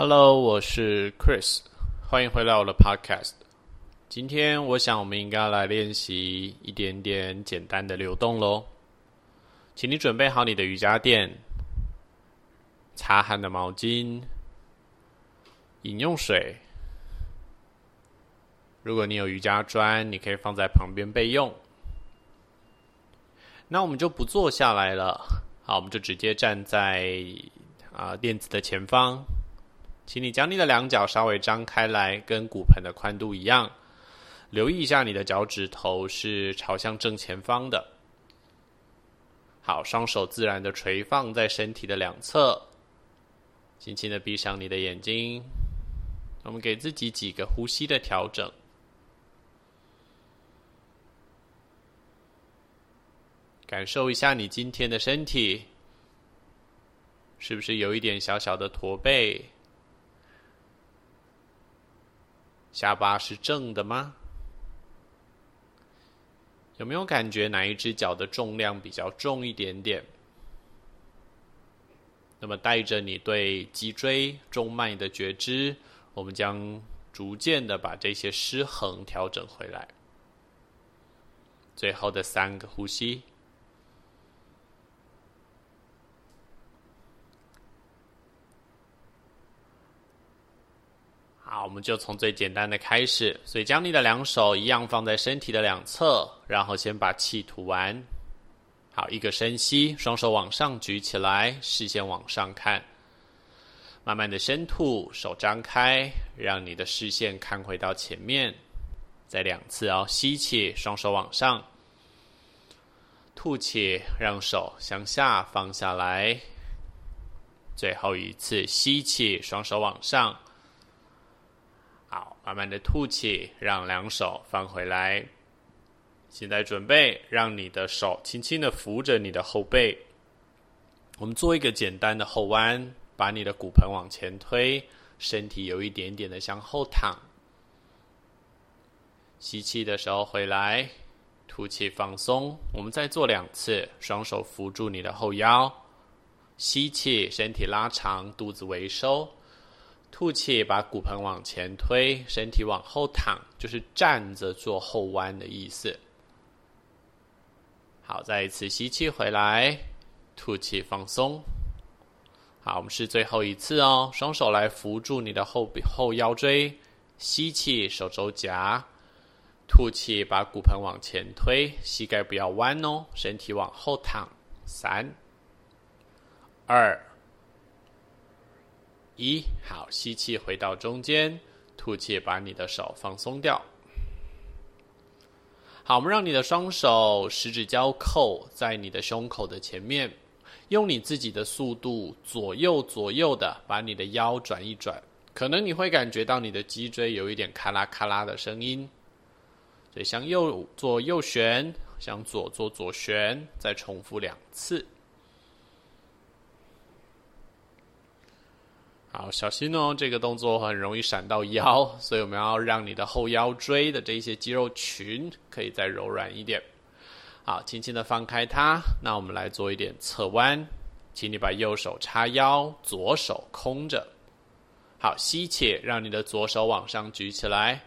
Hello，我是 Chris，歡迎回來我的 Podcast。今天我想我們應該來練習一點點簡單的流動嘍。請你準備好你的瑜伽墊、擦汗的毛巾、飲用水。如果你有瑜伽磚，你可以放在旁邊備用。那我們就不坐下來了，好，我們就直接站在啊墊子的前方。請你將你的兩腳稍微張開來，跟骨盆的寬度一樣。留意一下，你的腳趾頭是朝向正前方的。好，雙手自然的垂放在身體的兩側，輕輕的閉上你的眼睛。我們給自己幾個呼吸的調整，感受一下你今天的身體，是不是有一點小小的駝背？下巴是正的嗎？有沒有感覺哪一隻腳的重量比較重一點點？那麼帶着你對脊椎、中脈的覺知，我們將逐漸的把這些失衡調整回來。最後的三個呼吸。好，我們就從最簡單的開始。所以，將你的兩手一樣放在身體的兩側，然後先把氣吐完。好，一個深吸，雙手往上舉起來，視線往上看。慢慢的深吐，手張開，讓你的視線看回到前面。再兩次哦，吸氣，雙手往上。吐氣，讓手向下放下來。最後一次吸氣，雙手往上。慢慢的吐氣，讓兩手放回來。現在準備，讓你的手輕輕的扶着你的後背。我們做一個簡單的後彎，把你的骨盆往前推，身體有一點點的向後躺。吸氣的時候回來，吐氣放鬆。我們再做兩次，雙手扶住你的後腰，吸氣，身體拉長，肚子微收。吐氣，把骨盆往前推，身體往後躺，就是站着做後彎的意思。好，再一次吸氣回來，吐氣放鬆。好，我們是最後一次哦，雙手來扶住你的後背、後腰椎，吸氣，手肘夾，吐氣，把骨盆往前推，膝蓋不要彎哦，身體往後躺，三、二。一，好，吸氣回到中間，吐氣把你的手放鬆掉。好，我們讓你的雙手十指交扣在你的胸口的前面，用你自己的速度左右左右的把你的腰轉一轉。可能你會感覺到你的脊椎有一點咔啦咔啦的聲音。對，向右做右旋，向左做左旋，再重複兩次。好，小心哦，這個動作很容易閃到腰，所以我們要讓你的後腰椎的這些肌肉群可以再柔軟一點。好，輕輕的放開它。那我們來做一點側彎，請你把右手叉腰，左手空着。好，吸氣，讓你的左手往上舉起來，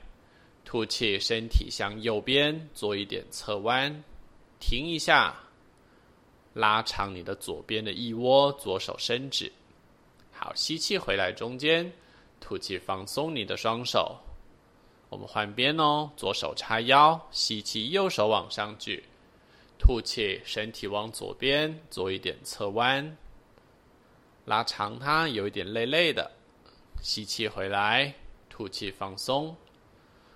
吐氣，身體向右邊做一點側彎，停一下，拉長你的左邊的腋窩，左手伸直。好，吸氣回來，中間，吐氣放鬆你的雙手。我們換邊哦，左手叉腰，吸氣，右手往上舉，吐氣，身體往左邊做一點側彎，拉長它，有一點累累的。吸氣回來，吐氣放鬆。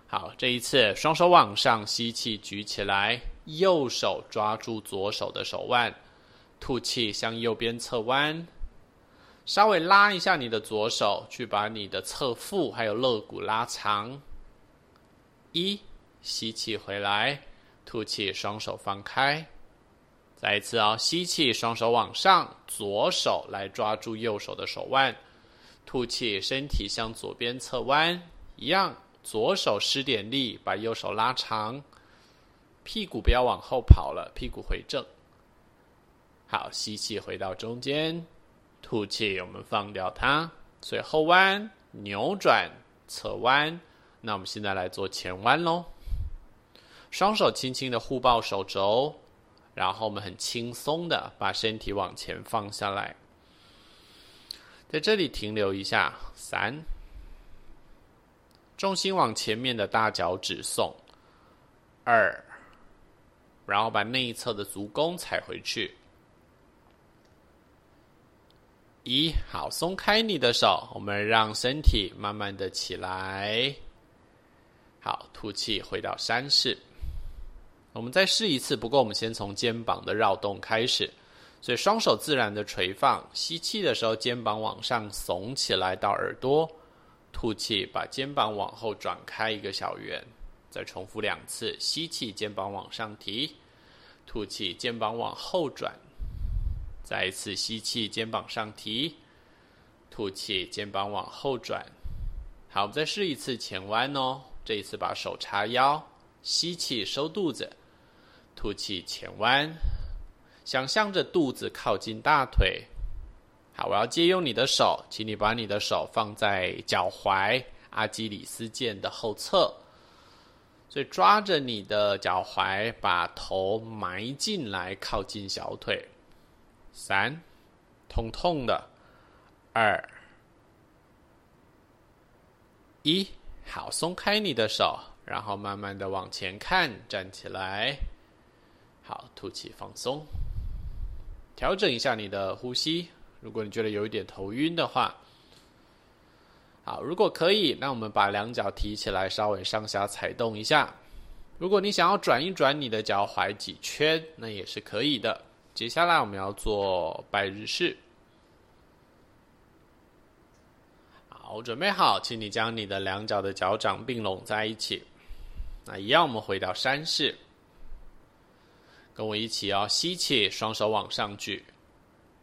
好，這一次雙手往上，吸氣舉起來，右手抓住左手的手腕，吐氣向右邊側彎。稍微拉一下你的左手，去把你的側腹還有肋骨拉長。一，吸氣回來，吐氣，雙手放開。再一次哦，吸氣，雙手往上，左手來抓住右手的手腕，吐氣，身體向左邊側彎，一樣，左手施點力，把右手拉長，屁股不要往後跑了，屁股回正。好，吸氣回到中間。吐氣，我們放掉它。所以後彎、扭轉、側彎，那我們現在來做前彎嘍。雙手輕輕的互抱手肘，然後我們很輕鬆的把身體往前放下來，在這裡停留一下。三，重心往前面的大腳趾送，二，然後把內側的足弓踩回去。一，好，鬆開你的手，我們讓身體慢慢的起來。好，吐氣回到山式。我們再試一次，不過我們先從肩膀的繞動開始。所以雙手自然的垂放，吸氣的時候肩膀往上聳起來到耳朵，吐氣把肩膀往後轉開一個小圓。再重複兩次，吸氣肩膀往上提，吐氣肩膀往後轉。再一次吸氣，肩膀上提；吐氣，肩膀往後轉。好，我們再試一次前彎哦。這一次把手叉腰，吸氣收肚子，吐氣前彎，想象着肚子靠近大腿。好，我要借用你的手，請你把你的手放在腳踝阿基里斯腱的後側，所以抓着你的腳踝，把頭埋進來靠近小腿。三，痛痛的，二，一，好，鬆開你的手，然後慢慢的往前看，站起來，好，吐氣，放鬆，調整一下你的呼吸。如果你覺得有一點頭暈的話，好，如果可以，那我們把兩腳提起來，稍微上下踩動一下。如果你想要轉一轉你的腳踝幾圈，那也是可以的。接下來我們要做拜日式，好，準備好，請你將你的兩腳的腳掌併攏在一起。那一樣，我們回到山式，跟我一起哦。吸氣，雙手往上舉，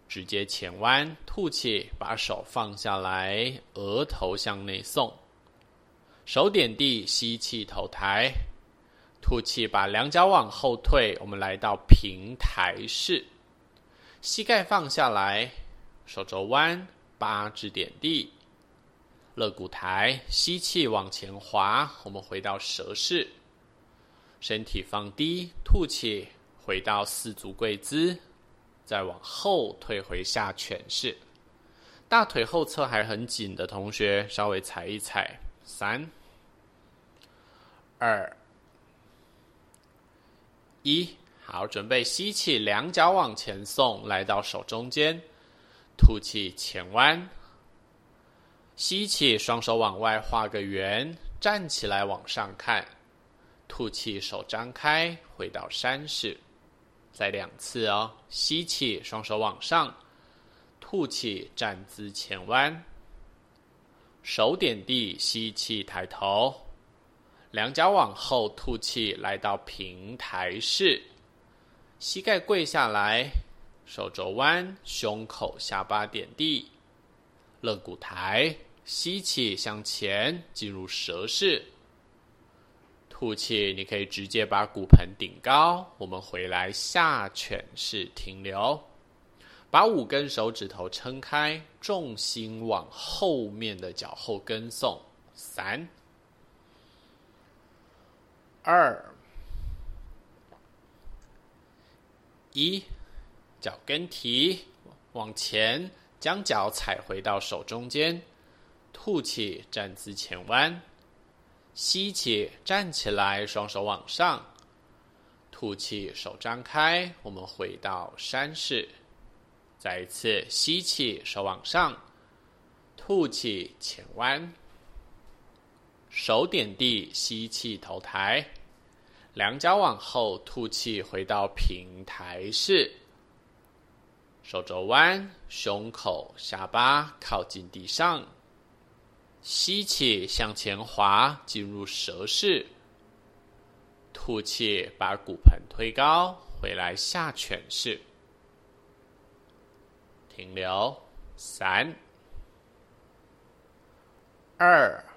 直接前彎，吐氣，把手放下來，額頭向內送，手點地，吸氣，頭抬。吐氣，把兩腳往後退，我們來到平台式，膝蓋放下來，手肘彎，八肢點地，肋骨抬，吸氣往前滑，我們回到蛇式，身體放低，吐氣回到四足跪姿，再往後退回下犬式，大腿後側還很緊的同學，稍微踩一踩，三二。一，好，準備吸氣，兩腳往前送，來到手中間。吐氣前彎，吸氣雙手往外畫個圓，站起來往上看。吐氣手張開，回到山式。再兩次哦，吸氣雙手往上，吐氣站姿前彎，手點地，吸氣抬頭。兩腳往後吐氣，來到平台式，膝蓋跪下來，手肘彎，胸口下巴點地，肋骨抬，吸氣向前進入蛇式，吐氣你可以直接把骨盆頂高，我們回來下犬式停留，把五根手指頭撐開，重心往後面的腳後跟送，三。二一，腳跟提，往前，將腳踩回到手中間，吐氣站姿前彎，吸氣站起來，雙手往上，吐氣手張開，我們回到山式，再一次吸氣手往上，吐氣前彎。手點地，吸氣，頭抬，兩腳往後，吐氣，回到平台式。手肘彎，胸口、下巴靠近地上，吸氣向前滑，進入蛇式。吐氣，把骨盆推高，回來下犬式。停留三二。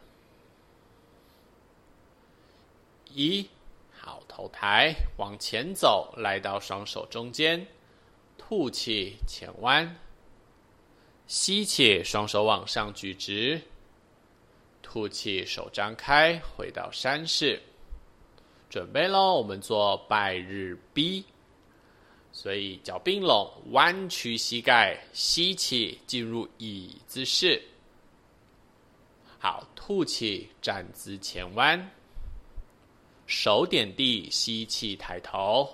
一，好，頭抬，往前走，來到雙手中間，吐氣前彎，吸氣，雙手往上舉直，吐氣手張開，回到山式，準備咯，我們做拜日 B，所以腳併攏，彎曲膝蓋，吸氣進入椅子式。好，吐氣站姿前彎。手點地，吸氣抬頭，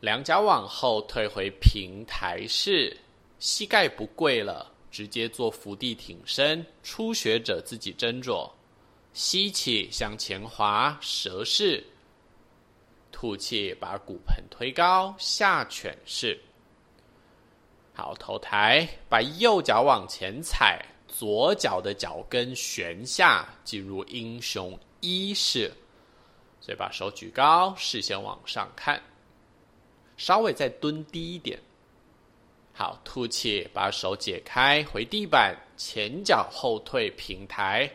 兩腳往後退，回平台式，膝蓋不跪了，直接做伏地挺身。初學者自己斟酌。吸氣向前滑，蛇式，吐氣把骨盆推高，下犬式。好，頭抬，把右腳往前踩，左腳的腳跟懸下，進入英雄一式。對，把手舉高，視線往上看，稍微再蹲低一點。好，吐氣，把手解開，回地板，前腳後退，平抬，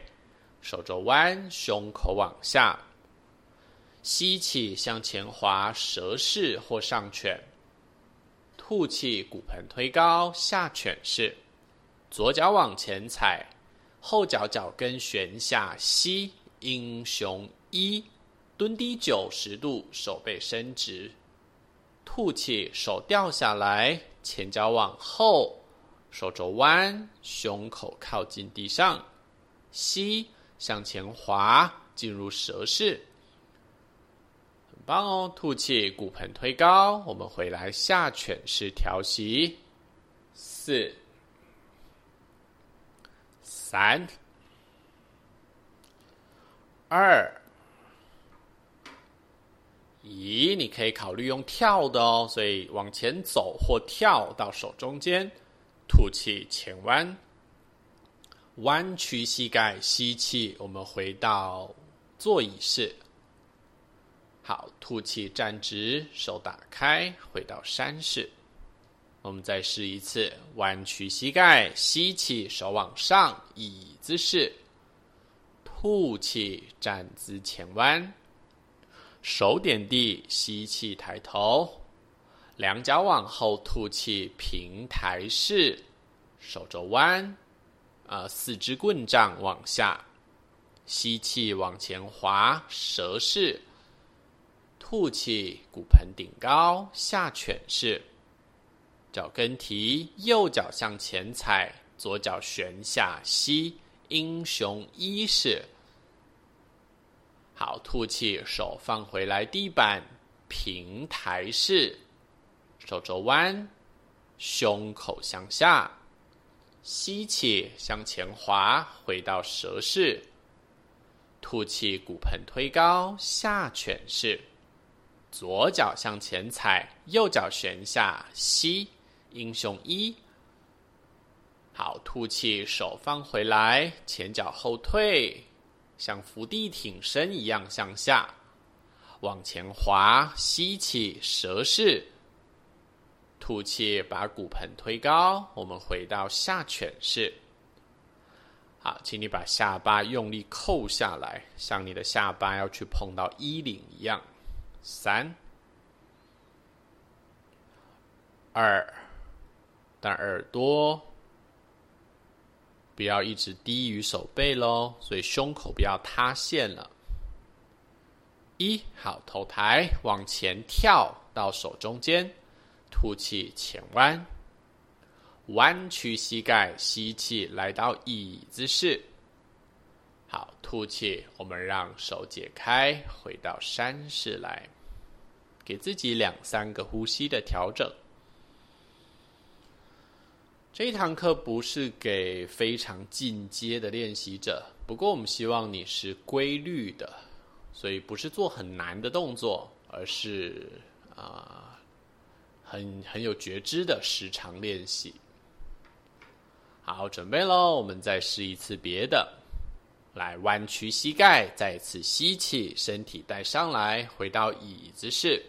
手肘彎，胸口往下，吸氣向前滑，蛇式或上犬。吐氣，骨盆推高，下犬式，左腳往前踩，後腳腳跟旋下，吸，英雄一。蹲低九十度，手背伸直，吐氣，手掉下來，前腳往後，手肘彎，胸口靠近地上，吸向前滑，進入蛇式，很棒哦！吐氣，骨盆推高，我們回來下犬式調息，四、三、二。咦，你可以考慮用跳的哦，所以往前走或跳到手中間，吐氣前彎，彎曲膝蓋，吸氣，我們回到座椅式。好，吐氣站直，手打開，回到山式。我們再試一次，彎曲膝蓋，吸氣，手往上，椅子式。吐氣站姿前彎。手點地，吸氣抬頭，兩腳往後，吐氣平抬式，手肘彎，啊、呃，四肢棍杖往下，吸氣往前滑，蛇式，吐氣骨盆頂高，下犬式，腳跟提，右腳向前踩，左腳旋下吸，英雄一式。好，吐氣，手放回來，地板平台式，手肘彎，胸口向下，吸氣向前滑，回到蛇式，吐氣，骨盆推高，下犬式，左腳向前踩，右腳旋下，吸，英雄一，好，吐氣，手放回來，前腳後退。像伏地挺身一樣向下，往前滑，吸氣蛇式，吐氣把骨盆推高，我們回到下犬式。好，請你把下巴用力扣下來，像你的下巴要去碰到衣領一樣。三、二，但耳朵。不要一直低於手背咯，所以胸口不要塌陷了。一，好，頭抬，往前跳到手中間，吐氣前彎，彎曲膝蓋，吸氣來到椅子式。好，吐氣，我們讓手解開，回到山式來，給自己兩三個呼吸的調整。這一堂課不是給非常進階的練習者，不過我們希望你是規律的，所以不是做很難的動作，而是啊、呃、很很有覺知的時常練習。好，準備嘍！我們再試一次別的，來彎曲膝蓋，再次吸氣，身體帶上來，回到椅子式。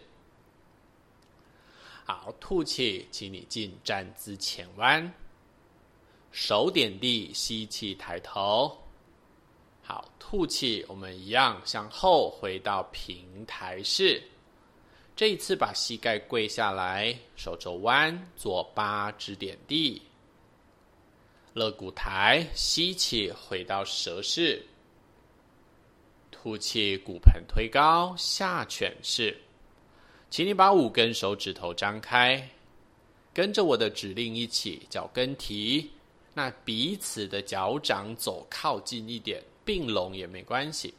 好，吐氣，請你進站姿前彎，手點地，吸氣抬頭。好，吐氣，我們一樣向後回到平台式。這一次把膝蓋跪下來，手肘彎，做八肢點地。肋骨抬，吸氣回到蛇式，吐氣骨盆推高，下犬式。請你把五根手指頭張開，跟着我的指令一起，腳跟提，那彼此的腳掌走靠近一點，併攏也沒關係。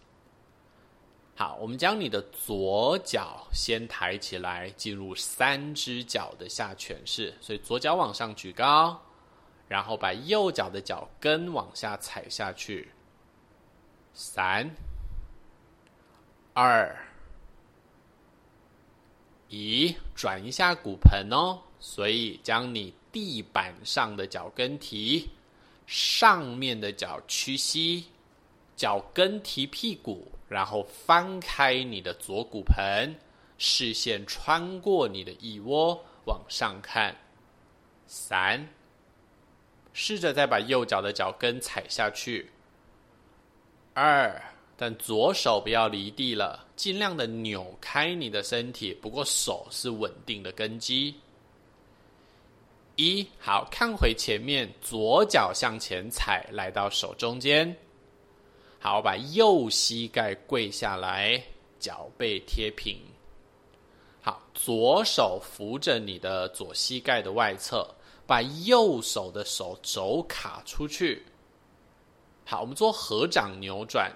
好，我們將你的左腳先抬起來，進入三只腳的下犬式，所以左腳往上舉高，然後把右腳的腳跟往下踩下去。三，二。一，轉一下骨盆哦，所以將你地板上的腳跟提，上面的腳屈膝，腳跟提屁股，然後翻開你的左骨盆，視線穿過你的腋窩往上看。三，試着再把右腳的腳跟踩下去。二。但左手不要離地了，盡量的扭開你的身體，不過手是穩定的根基。一，好，看回前面，左腳向前踩，來到手中間。好，把右膝蓋跪下來，腳背貼平。好，左手扶着你的左膝蓋的外側，把右手的手肘卡出去。好，我們做合掌扭轉。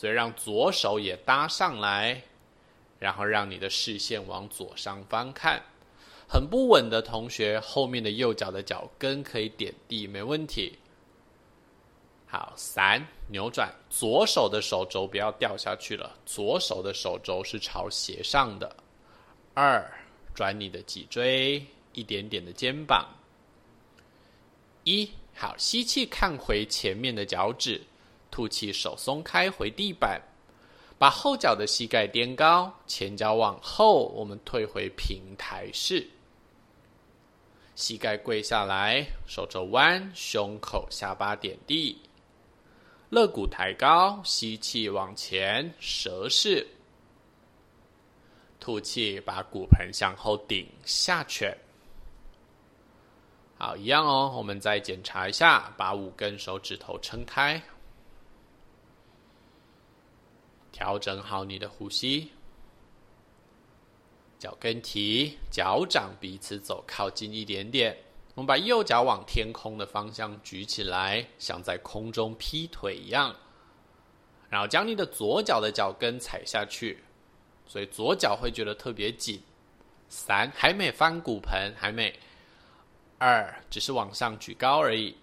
所以讓左手也搭上來，然後讓你的視線往左上方看。很不穩的同學，後面的右腳的腳跟可以點地，沒問題。好，三，扭轉，左手的手肘不要掉下去了，左手的手肘是朝斜上的。二，轉你的脊椎，一點點的肩膀。一，好，吸氣，看回前面的腳趾。吐氣，手鬆開，回地板，把後腳的膝蓋墊高，前腳往後，我們退回平台式，膝蓋跪下來，手肘彎，胸口、下巴點地，肋骨抬高，吸氣往前蛇式，吐氣把骨盆向後頂下去。好，一樣哦。我們再檢查一下，把五根手指頭撐開。調整好你的呼吸，腳跟提，腳掌彼此走靠近一點點。我們把右腳往天空的方向舉起來，像在空中劈腿一樣。然後將你的左腳的腳跟踩下去，所以左腳會覺得特別緊。三，還沒翻骨盆，還沒。二，只是往上舉高而已。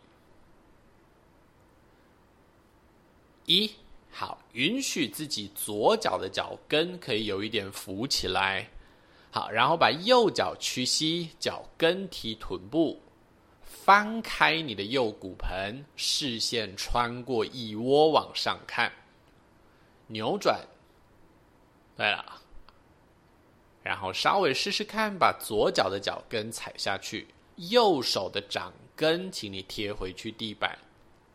一。好，允許自己左腳的腳跟可以有一點浮起來。好，然後把右腳屈膝，腳跟踢臀部，翻開你的右骨盆，視線穿過腋窩往上看，扭轉。對了，然後稍微試試看，把左腳的腳跟踩下去，右手的掌根，請你貼回去地板，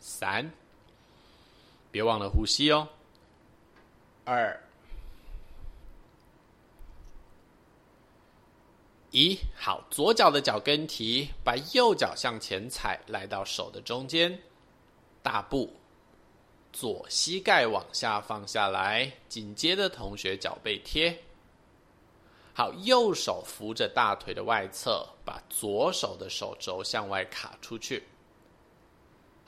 三。別忘了呼吸哦。二，一，好，左腳的腳跟提，把右腳向前踩，來到手的中間，大步，左膝蓋往下放下來，緊接着同學腳背貼，好，右手扶着大腿的外側，把左手的手肘向外卡出去。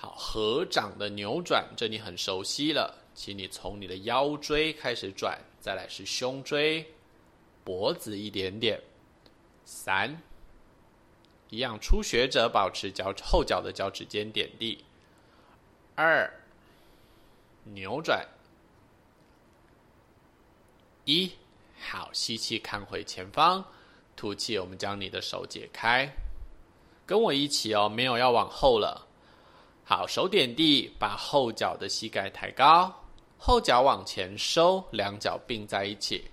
好，合掌的扭轉，這裡很熟悉了。請你從你的腰椎開始轉，再來是胸椎、脖子一點點。三，一樣，初學者保持腳，後腳的腳趾尖點地。二，扭轉。一，好，吸氣，看回前方，吐氣，我們將你的手解開，跟我一起哦，沒有要往後了。好，手點地，把後腳的膝蓋抬高，後腳往前收，兩腳並在一起。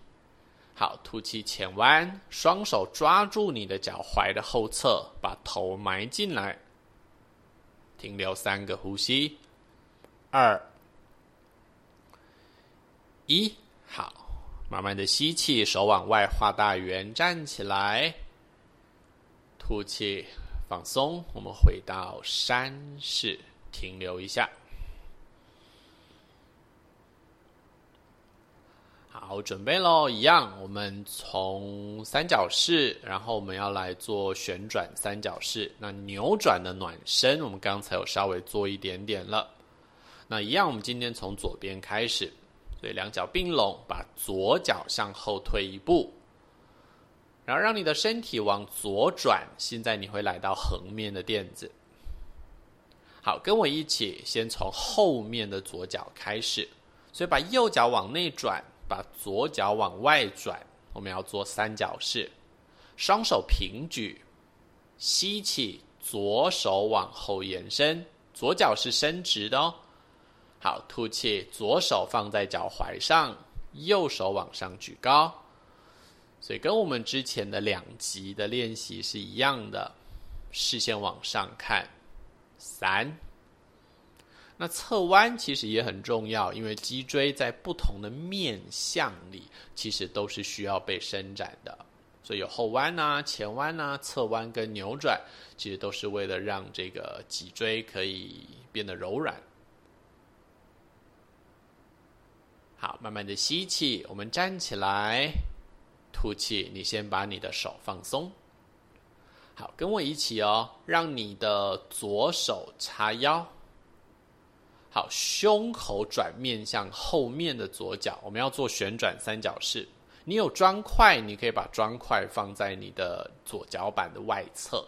好，吐氣前彎，雙手抓住你的腳踝的後側，把頭埋進來，停留三個呼吸。二，一，好，慢慢的吸氣，手往外畫大圓，站起來，吐氣。放鬆，我們回到山式停留一下。好，準備咯，一樣，我們從三角式，然後我們要來做旋轉三角式。那扭轉的暖身，我們剛才有稍微做一點點了。那一樣，我們今天從左邊開始，對，兩腳併攏，把左腳向後退一步。然後讓你的身體往左轉，現在你會來到橫面的墊子。好，跟我一起，先從後面的左腳開始，所以把右腳往內轉，把左腳往外轉。我們要做三角式，雙手平舉，吸氣，左手往後延伸，左腳是伸直的哦。好，吐氣，左手放在腳踝上，右手往上舉高。所以跟我們之前的兩集的練習是一樣的，視線往上看，三。那側彎其實也很重要，因為脊椎在不同的面向裡其實都是需要被伸展的，所以有後彎吶、啊、前彎吶、啊、側彎跟扭轉，其實都是為了讓這個脊椎可以變得柔軟。好，慢慢的吸氣，我們站起來。吐氣，你先把你的手放鬆。好，跟我一起哦，讓你的左手叉腰。好，胸口轉面向後面的左腳，我們要做旋轉三角式。你有磚塊，你可以把磚塊放在你的左腳板的外側。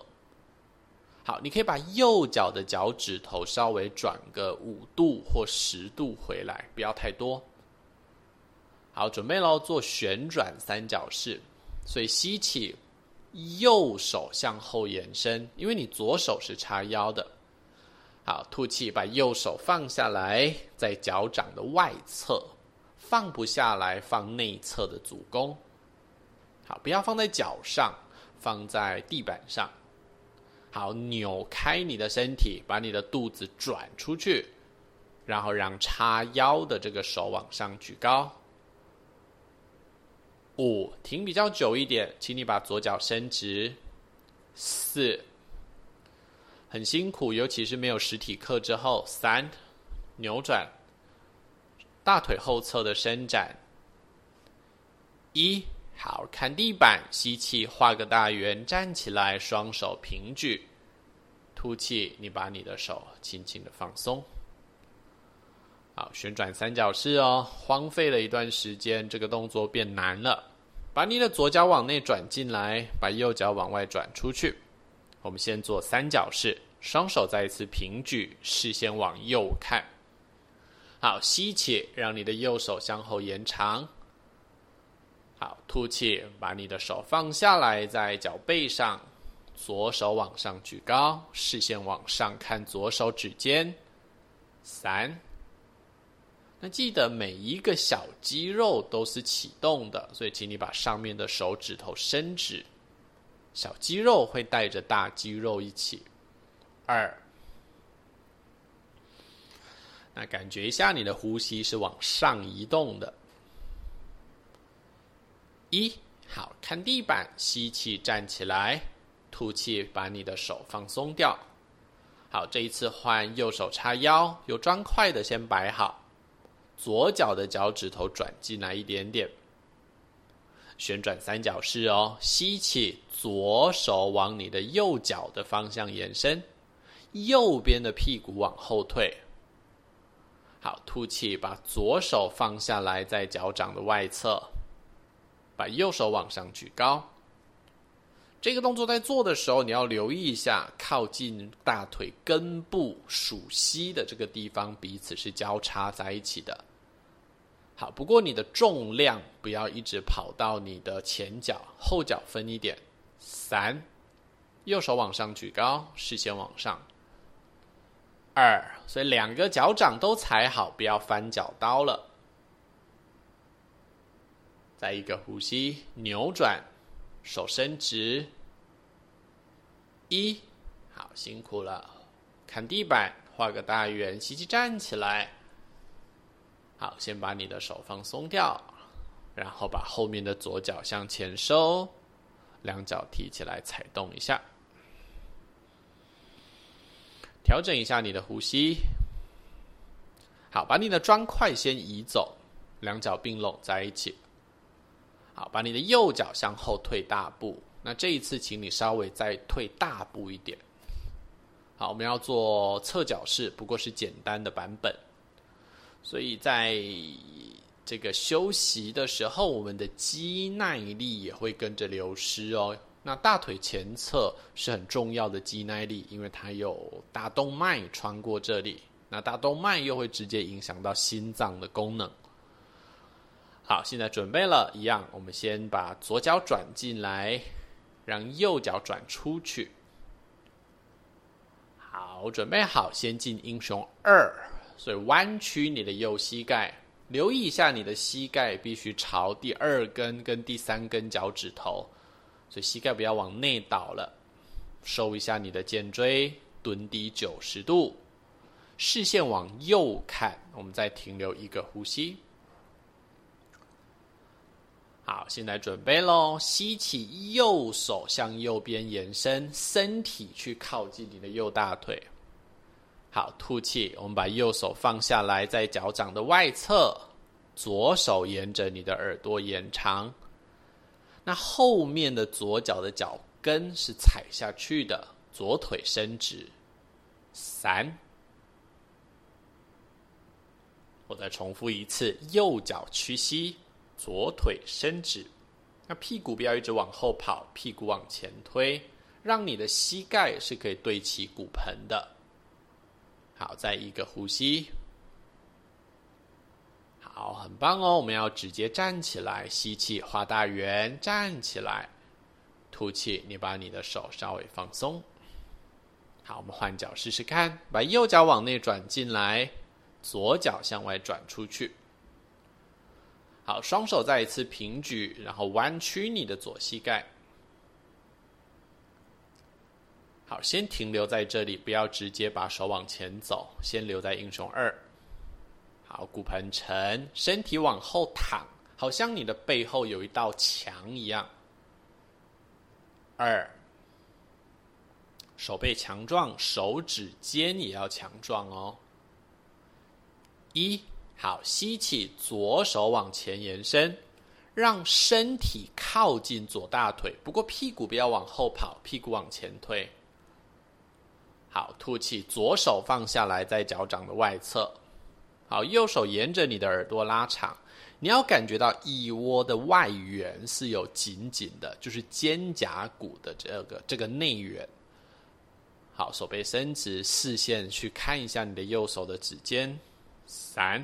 好，你可以把右腳的腳趾頭稍微轉個五度或十度回來，不要太多。好，準備咯，做旋轉三角式。所以吸氣，右手向後延伸，因為你左手是叉腰的。好，吐氣，把右手放下來，在腳掌的外側。放不下來，放內側的足弓。好，不要放在腳上，放在地板上。好，扭開你的身體，把你的肚子轉出去，然後讓叉腰的這個手往上舉高。五，停比較久一點，請你把左腳伸直。四，很辛苦，尤其是沒有實體課之後。三，扭轉，大腿後側的伸展。一，好，看地板，吸氣，畫個大圓，站起來，雙手平舉，吐氣，你把你的手輕輕的放鬆。好，旋轉三角式哦。荒廢了一段時間，這個動作變難了。把你的左腳往內轉進來，把右腳往外轉出去。我們先做三角式，雙手再一次平舉，視線往右看。好，吸氣，讓你的右手向後延長。好，吐氣，把你的手放下來，在腳背上。左手往上舉高，視線往上看，左手指尖。三。那記得每一個小肌肉都是啟動的，所以請你把上面的手指頭伸直，小肌肉會帶着大肌肉一起。二，那感覺一下你的呼吸是往上移動的。一，好，看地板，吸氣站起來，吐氣把你的手放鬆掉。好，這一次換右手叉腰，有磚塊的先擺好。左腳的腳趾頭轉進來一點點，旋轉三角式哦。吸氣，左手往你的右腳的方向延伸，右邊的屁股往後退。好，吐氣，把左手放下來，在腳掌的外側，把右手往上舉高。這個動作在做的時候，你要留意一下，靠近大腿根部鼠蹊的這個地方，彼此是交叉在一起的。好，不過你的重量不要一直跑到你的前腳，後腳分一點。三，右手往上舉高，視線往上。二，所以兩個腳掌都踩好，不要翻腳刀了。再一個呼吸，扭轉，手伸直。一，好，辛苦了，看地板，畫個大圓，吸氣站起來。好，先把你的手放鬆掉，然後把後面的左腳向前收，兩腳提起來踩動一下，調整一下你的呼吸。好，把你的磚塊先移走，兩腳併攏在一起。好，把你的右腳向後退大步，那這一次請你稍微再退大步一點。好，我們要做側角式，不過是簡單的版本。所以，在這個休息的時候，我們的肌耐力也會跟着流失哦。那大腿前側是很重要的肌耐力，因為它有大動脈穿過這裡，那大動脈又會直接影響到心臟的功能。好，現在準備了一樣，我們先把左腳轉進來，讓右腳轉出去。好，準備好，先進英雄二。所以彎曲你的右膝蓋，留意一下你的膝蓋必須朝第二根跟第三根腳趾頭，所以膝蓋不要往內倒了，收一下你的肩椎，蹲低九十度，視線往右看，我們再停留一個呼吸。好，現在準備咯，吸氣，右手向右邊延伸，身體去靠近你的右大腿。好，吐氣。我們把右手放下來，在腳掌的外側；左手沿着你的耳朵延長。那後面的左腳的腳跟是踩下去的，左腿伸直。三，我再重複一次：右腳屈膝，左腿伸直。那屁股不要一直往後跑，屁股往前推，讓你的膝蓋是可以對齊骨盆的。好，再一個呼吸。好，很棒哦！我們要直接站起來，吸氣畫大圓站起來，吐氣，你把你的手稍微放鬆。好，我們換腳試試看，把右腳往內轉進來，左腳向外轉出去。好，雙手再一次平舉，然後彎曲你的左膝蓋。好，先停留在這裡，不要直接把手往前走，先留在英雄二。好，骨盆沉，身體往後躺，好像你的背後有一道牆一樣。二，手背強壯，手指尖也要強壯哦。一，好，吸氣，左手往前延伸，讓身體靠近左大腿，不過屁股不要往後跑，屁股往前推。好，吐氣，左手放下來，在腳掌的外側。好，右手沿着你的耳朵拉長，你要感覺到腋窩的外緣是有緊緊的，就是肩胛骨的這個這個內緣。好，手背伸直，視線去看一下你的右手的指尖。三，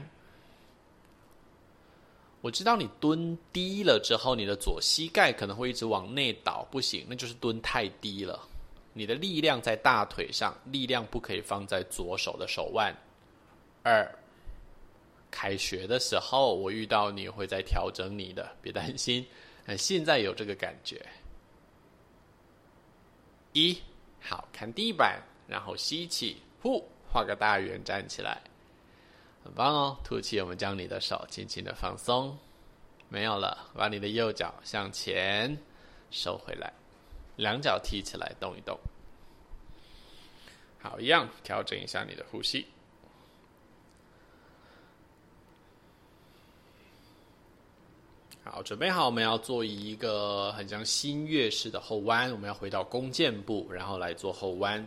我知道你蹲低了之後，你的左膝蓋可能會一直往內倒，不行，那就是蹲太低了。你的力量在大腿上，力量不可以放在左手的手腕。二，開學的時候我遇到你會再調整你的，別擔心。那現在有這個感覺。一，好，看地板，然後吸氣，呼，畫個大圓站起來，很棒哦。吐氣，我們將你的手輕輕的放鬆，沒有了，把你的右腳向前收回來。兩腳踢起來，動一動。好，一樣，調整一下你的呼吸。好，準備好，我們要做一個很像新月式的後彎。我們要回到弓箭步，然後來做後彎。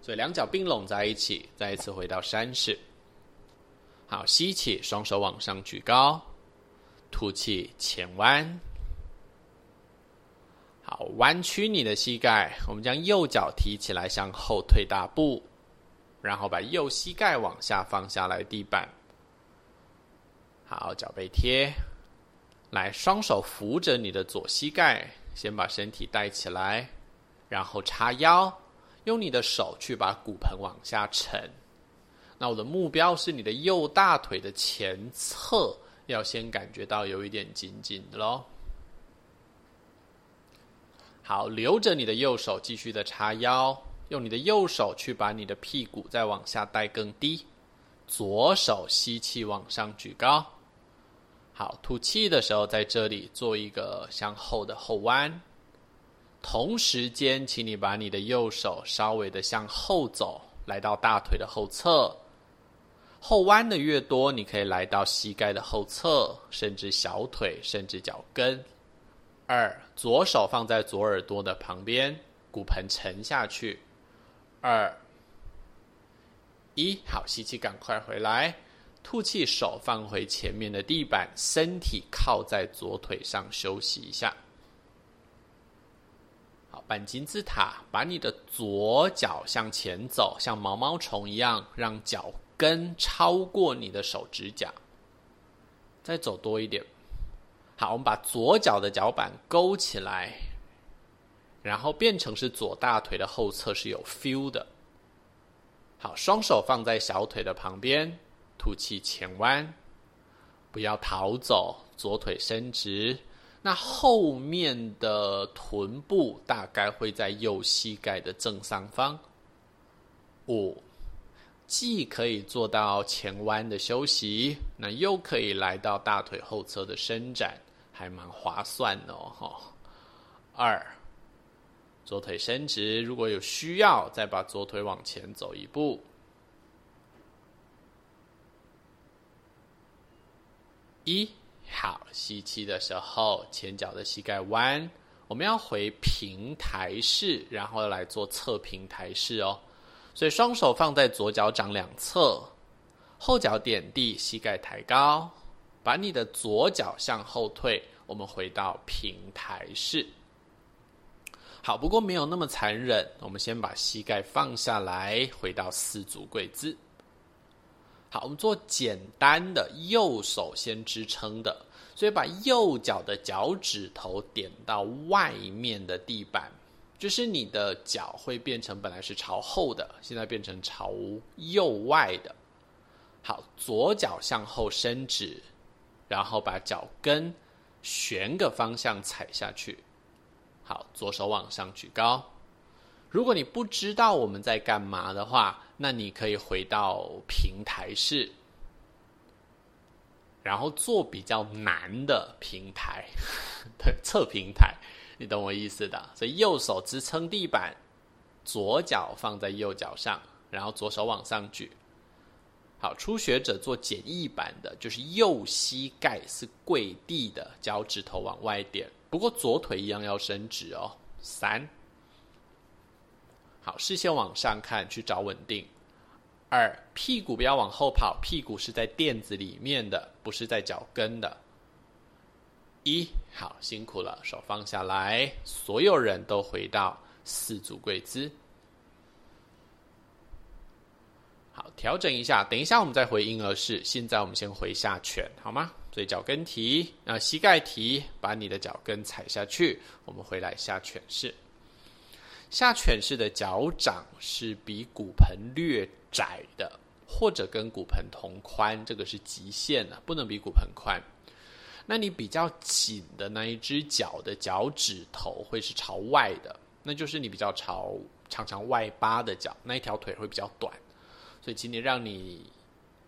所以兩腳併攏在一起，再一次回到山式。好，吸氣，雙手往上舉高；吐氣，前彎。好，彎曲你的膝蓋，我們將右腳提起來，向後退大步，然後把右膝蓋往下放下來地板。好，腳背貼，來，雙手扶着你的左膝蓋，先把身體帶起來，然後叉腰，用你的手去把骨盆往下沉。那我的目標是你的右大腿的前側，要先感覺到有一點緊緊的咯。好，留着你的右手繼續的叉腰，用你的右手去把你的屁股再往下帶更低。左手吸氣往上舉高，好，吐氣的時候在這裡做一個向後的後彎，同時間請你把你的右手稍微的向後走，來到大腿的後側。後彎的越多，你可以來到膝蓋的後側，甚至小腿，甚至腳跟。二，左手放在左耳朵的旁邊，骨盆沉下去。二，一，好，吸氣，趕快回來，吐氣，手放回前面的地板，身體靠在左腿上休息一下。好，半金字塔，把你的左腳向前走，像毛毛蟲一樣，讓腳跟超過你的手指甲，再走多一點。好，我們把左腳的腳板勾起來，然後變成是左大腿的後側是有 feel 的。好，雙手放在小腿的旁邊，吐氣前彎，不要逃走，左腿伸直。那後面的臀部大概會在右膝蓋的正上方。五，哦，既可以做到前彎的休息，那又可以來到大腿後側的伸展。還蠻划算的哦，哈、哦。二，左腿伸直，如果有需要，再把左腿往前走一步。一，好，吸氣的時候，前腳的膝蓋彎，我們要回平台式，然後來做側平台式哦。所以雙手放在左腳掌兩側，後腳點地，膝蓋抬高。把你的左腳向後退，我們回到平台式。好，不過沒有那麼殘忍，我們先把膝蓋放下來，回到四足跪姿。好，我們做簡單的右手先支撐的，所以把右腳的腳趾頭點到外面的地板，就是你的腳會變成本來是朝後的，現在變成朝右外的。好，左腳向後伸直。然後把腳跟旋個方向踩下去，好，左手往上舉高。如果你不知道我們在幹嘛的話，那你可以回到平台式，然後做比較難的平台的側平台，你懂我意思的。所以右手支撐地板，左腳放在右腳上，然後左手往上舉。好，初學者做簡易版的，就是右膝蓋是跪地的，腳趾頭往外點。不過左腿一樣要伸直哦。三，好，視線往上看，去找穩定。二，屁股不要往後跑，屁股是在墊子裡面的，不是在腳跟的。一，好，辛苦了，手放下來，所有人都回到四足跪姿。調整一下，等一下我們再回嬰兒式。現在我們先回下犬，好嗎？所以腳跟提，啊，膝蓋提，把你的腳跟踩下去。我們回來下犬式。下犬式的腳掌是比骨盆略窄的，或者跟骨盆同寬，這個是極限的，啊，不能比骨盆寬。那你比較緊的那一隻腳的腳趾頭會是朝外的，那就是你比較朝常常外八的腳，那一條腿會比較短。所以今天讓你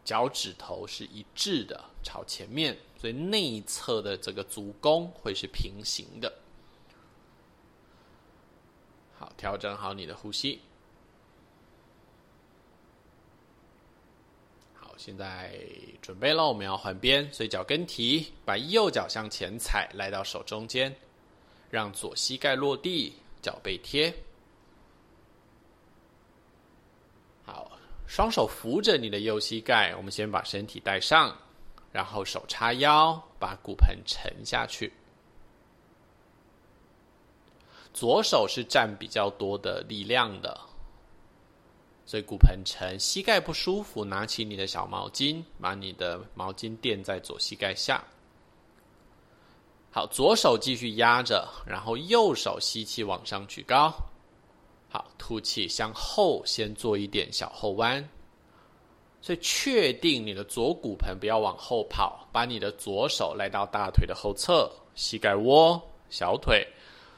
腳趾頭是一致的朝前面，所以內側的這個足弓會是平行的。好，調整好你的呼吸。好，現在準備了，我們要換邊，所以腳跟提，把右腳向前踩，來到手中間，讓左膝蓋落地，腳背貼。雙手扶着你的右膝蓋，我們先把身體帶上，然後手叉腰，把骨盆沉下去。左手是佔比較多的力量的，所以骨盆沉。膝蓋不舒服，拿起你的小毛巾，把你的毛巾墊在左膝蓋下。好，左手繼續壓着，然後右手吸氣往上舉高。好，吐氣，向後先做一點小後彎，所以確定你的左骨盆不要往後跑，把你的左手來到大腿的後側、膝蓋窩、小腿，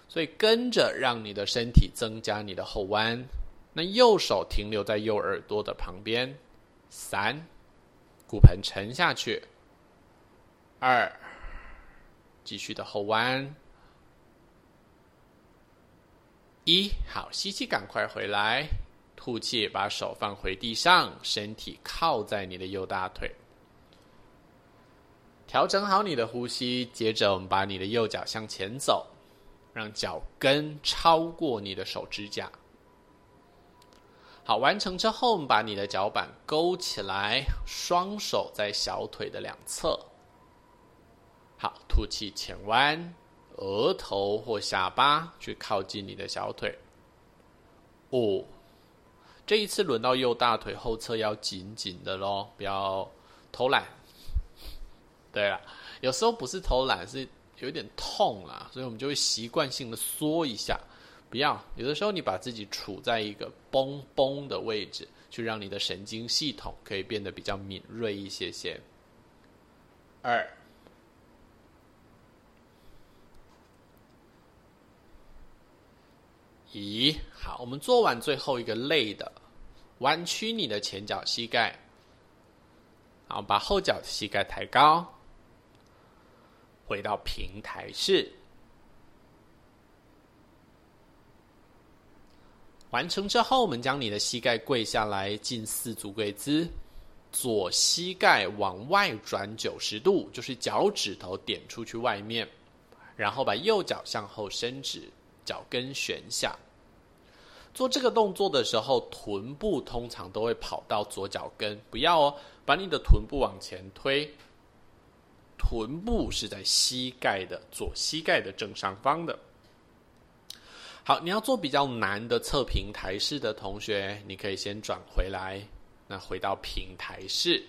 所以跟着讓你的身體增加你的後彎。那右手停留在右耳朵的旁邊，三，骨盆沉下去，二，繼續的後彎。一，好，吸氣，趕快回來，吐氣，把手放回地上，身體靠在你的右大腿，調整好你的呼吸。接着，我們把你的右腳向前走，讓腳跟超過你的手指甲。好，完成之後，我們把你的腳板勾起來，雙手在小腿的兩側。好，吐氣，前彎。額頭或下巴去靠近你的小腿。五，這一次輪到右大腿後側，要緊緊的咯，不要偷懶。對了，有時候不是偷懶，是有點痛啦，啊，所以我們就會習慣性的縮一下。不要，有的時候你把自己處在一個繃繃的位置，去讓你的神經系統可以變得比較敏銳一些些。二。咦，好，我們做完最後一個類的，彎曲你的前腳膝蓋，好，把後腳膝蓋抬高，回到平台式。完成之後，我們將你的膝蓋跪下來，進四足跪姿，左膝蓋往外轉九十度，就是腳趾頭點出去外面，然後把右腳向後伸直。腳跟旋下，做這個動作的時候，臀部通常都會跑到左腳跟，不要哦，把你的臀部往前推，臀部是在膝蓋的左膝蓋的正上方的。好，你要做比較難的側平台式的同學，你可以先轉回來，那回到平台式，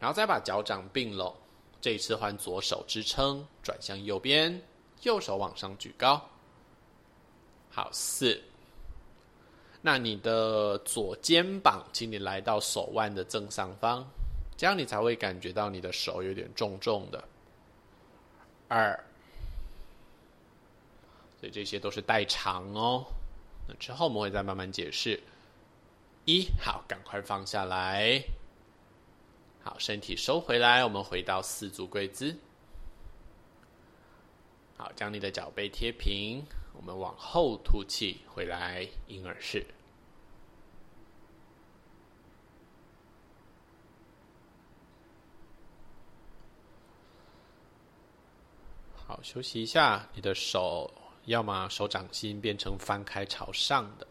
然後再把腳掌併攏，這一次換左手支撐，轉向右邊，右手往上舉高。好，四。那你的左肩膀，請你來到手腕的正上方，這樣你才會感覺到你的手有點重重的。二，所以這些都是代償哦。那之後我們會再慢慢解釋。一，好，趕快放下來。好，身體收回來，我們回到四足跪姿。好，將你的腳背貼平。我們往後吐氣，回來嬰兒式。好，休息一下。你的手，要麼手掌心變成翻開朝上的，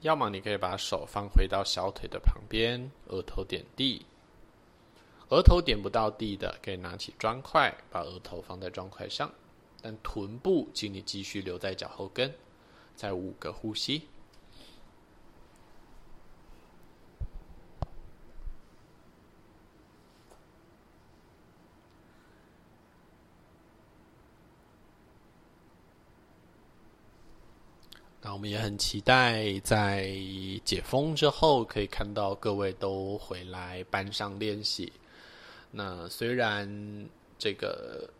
要麼你可以把手放回到小腿的旁邊，額頭點地。額頭點不到地的，可以拿起磚塊，把額頭放在磚塊上。但臀部，請你繼續留在腳後跟，再五個呼吸。那我們也很期待，在解封之後，可以看到各位都回來班上練習。那雖然這個。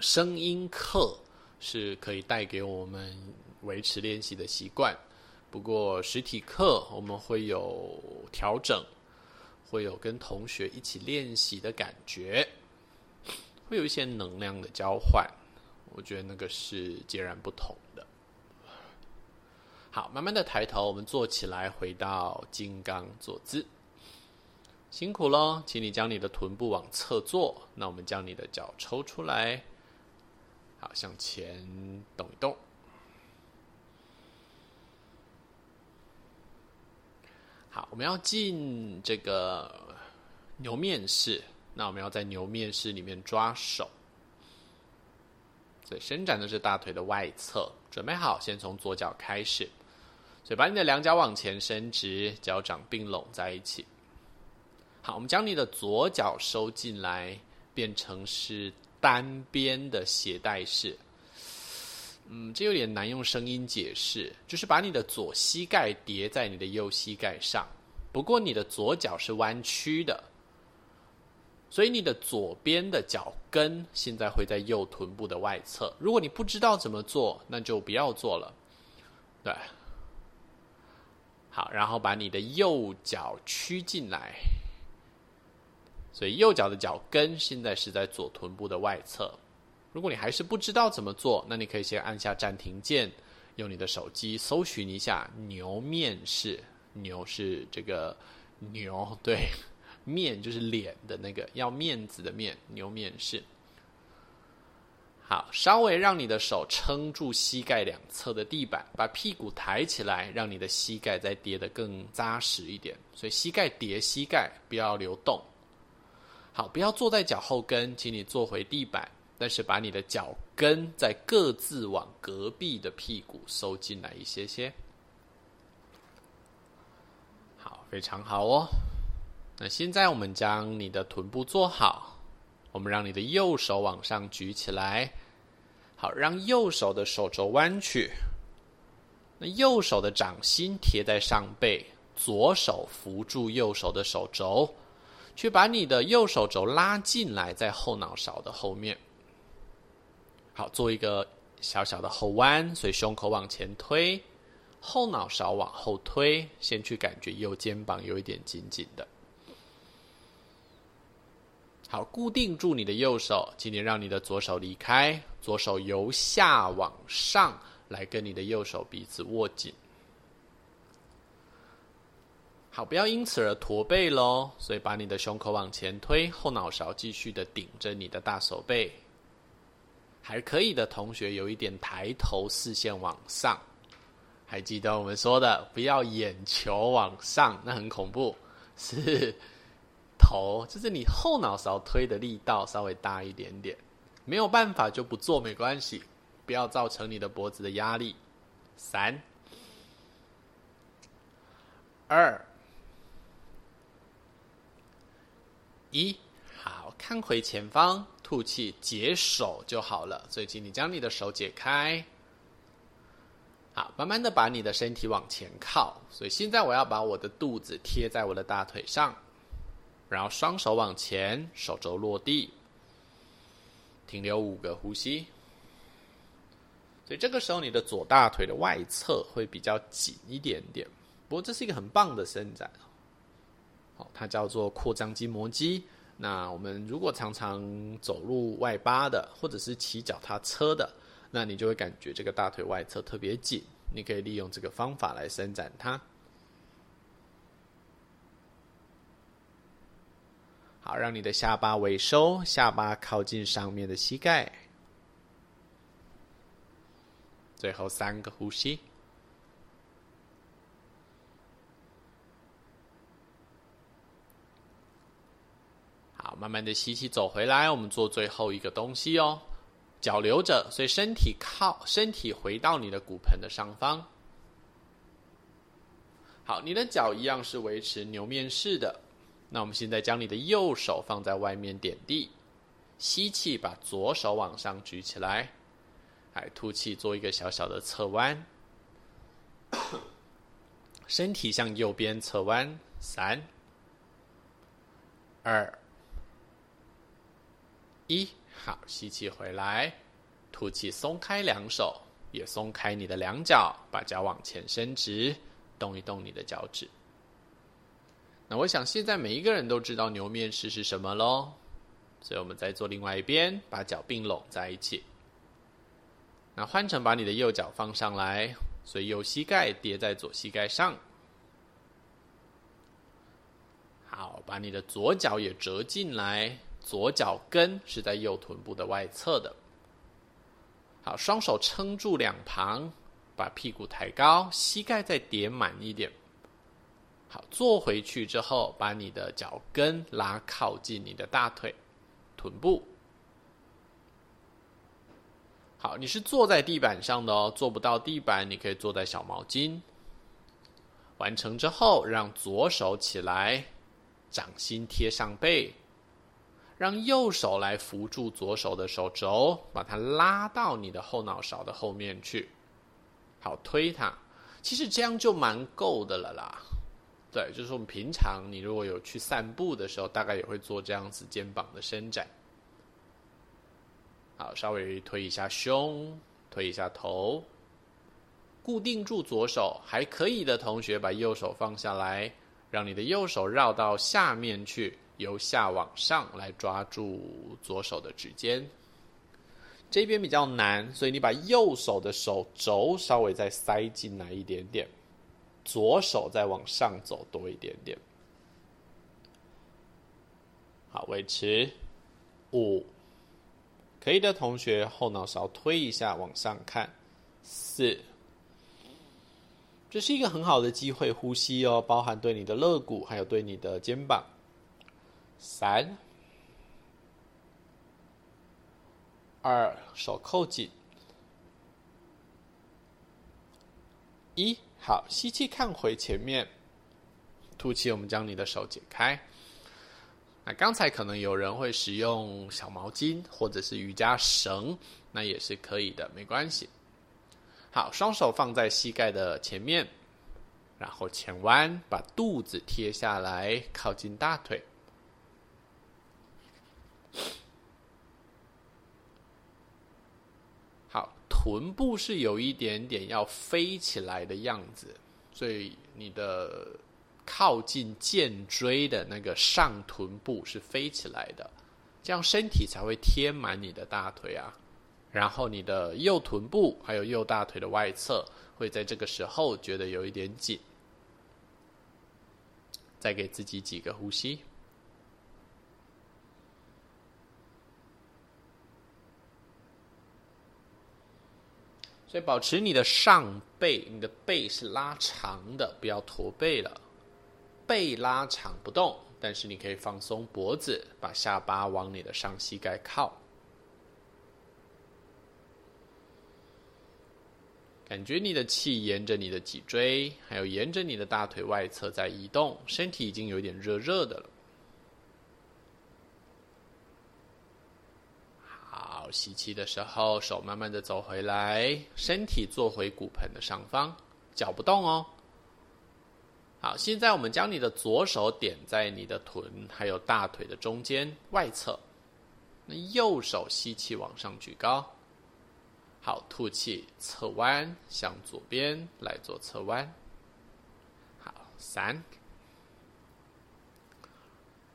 聲音課是可以帶給我們維持練習的習慣，不過實體課我們會有調整，會有跟同學一起練習的感覺，會有一些能量的交換，我覺得那個是截然不同的。好，慢慢的抬頭，我們坐起來，回到金剛坐姿，辛苦了，請你將你的臀部往側坐，那我們將你的腳抽出來。好，向前動一動。好，我們要進這個牛面式，那我們要在牛面式裡面抓手，所以伸展的是大腿的外側。準備好，先從左腳開始，所以把你的兩腳往前伸直，腳掌併攏在一起。好，我們將你的左腳收進來，變成是。單邊的鞋帶式，嗯，這有點難用聲音解釋。就是把你的左膝蓋疊在你的右膝蓋上，不過你的左腳是彎曲的，所以你的左邊的腳跟現在會在右臀部的外側。如果你不知道怎麼做，那就不要做了。對，好，然後把你的右腳屈進來。所以右腳的腳跟現在是在左臀部的外側。如果你還是不知道怎麼做，那你可以先按下暫停鍵，用你的手機搜尋一下“牛面式”，牛是這個牛，對面就是臉的那個要面子的面。牛面式。好，稍微讓你的手撐住膝蓋兩側的地板，把屁股抬起來，讓你的膝蓋再疊得更紮實一點。所以膝蓋疊膝蓋，不要流動。好，不要坐在腳後跟，請你坐回地板，但是把你的腳跟再各自往隔壁的屁股收進來一些些。好，非常好哦。那現在我們將你的臀部坐好，我們讓你的右手往上舉起來，好，讓右手的手肘彎曲，那右手的掌心貼在上背，左手扶住右手的手肘。去把你的右手肘拉進來，在後腦勺的後面，好，做一個小小的後彎，所以胸口往前推，後腦勺往後推，先去感覺右肩膀有一點緊緊的，好，固定住你的右手，今天讓你的左手離開，左手由下往上來跟你的右手彼此握緊。好，不要因此而駝背咯，所以把你的胸口往前推，後腦勺繼續的頂着你的大手背。還可以的同學，有一點抬頭，視線往上。還記得我們說的，不要眼球往上，那很恐怖。是頭，就是你後腦勺推的力道稍微大一點點。沒有辦法就不做，沒關係，不要造成你的脖子的壓力。三二。一，好，看回前方，吐氣，解手就好了。所以請你將你的手解開，好，慢慢的把你的身體往前靠。所以現在我要把我的肚子貼在我的大腿上，然後雙手往前，手肘落地，停留五個呼吸。所以這個時候你的左大腿的外側會比較緊一點點，不過這是一個很棒的伸展。它叫做擴張筋膜肌。那我們如果常常走路外八的，或者是騎腳踏車的，那你就會感覺這個大腿外側特別緊。你可以利用這個方法來伸展它。好，讓你的下巴微收，下巴靠近上面的膝蓋。最後三個呼吸。慢慢的吸氣，走回來。我們做最後一個東西哦，腳留着，所以身體靠身體回到你的骨盆的上方。好，你的腳一樣是維持牛面式的。那我們現在將你的右手放在外面點地，吸氣，把左手往上舉起來，哎，吐氣，做一個小小的側彎，身體向右邊側彎，三，二。一，好，吸氣回來，吐氣鬆開兩手，也鬆開你的兩腳，把腳往前伸直，動一動你的腳趾。那我想現在每一個人都知道牛面式是什麼咯，所以我們再做另外一邊，把腳併攏在一起。那換成把你的右腳放上來，所以右膝蓋疊在左膝蓋上，好，把你的左腳也折進來。左腳跟是在右臀部的外側的，好，雙手撐住兩旁，把屁股抬高，膝蓋再疊滿一點。好，坐回去之後，把你的腳跟拉靠近你的大腿、臀部。好，你是坐在地板上的哦，坐不到地板，你可以坐在小毛巾。完成之後，讓左手起來，掌心貼上背。讓右手來扶住左手的手肘，把它拉到你的後腦勺的後面去，好，推它。其實這樣就蠻夠的了啦。對，就是我們平常你如果有去散步的時候，大概也會做這樣子肩膀的伸展。好，稍微推一下胸，推一下頭，固定住左手。還可以的同學，把右手放下來，讓你的右手繞到下面去。由下往上來抓住左手的指尖，這邊比較難，所以你把右手的手肘稍微再塞進來一點點，左手再往上走多一點點。好，維持五，可以的同學後腦勺推一下，往上看，四。這是一個很好的機會，呼吸哦，包含對你的肋骨，還有對你的肩膀。三、二，手扣緊，一，好，吸氣，看回前面，吐氣，我們將你的手解開。那剛才可能有人會使用小毛巾或者是瑜伽繩，那也是可以的，沒關係。好，雙手放在膝蓋的前面，然後前彎，把肚子貼下來，靠近大腿。 好，臀部是有一點點要飛起來的樣子，所以你的靠近肩椎的那個上臀部是飛起來的，這樣身體才會貼滿你的大腿啊。然後你的右臀部還有右大腿的外側，會在這個時候覺得有一點緊。再給自己幾個呼吸。所以，保持你的上背，你的背是拉長的，不要駝背了。背拉長不動，但是你可以放鬆脖子，把下巴往你的上膝蓋靠。感覺你的氣沿着你的脊椎，還有沿着你的大腿外側在移動，身體已經有點熱熱的了。吸氣的時候，手慢慢的走回來，身體坐回骨盆的上方，腳不動哦。好，現在我們將你的左手點在你的臀還有大腿的中間外側，那右手吸氣往上舉高，好，吐氣側彎向左邊來做側彎，好，三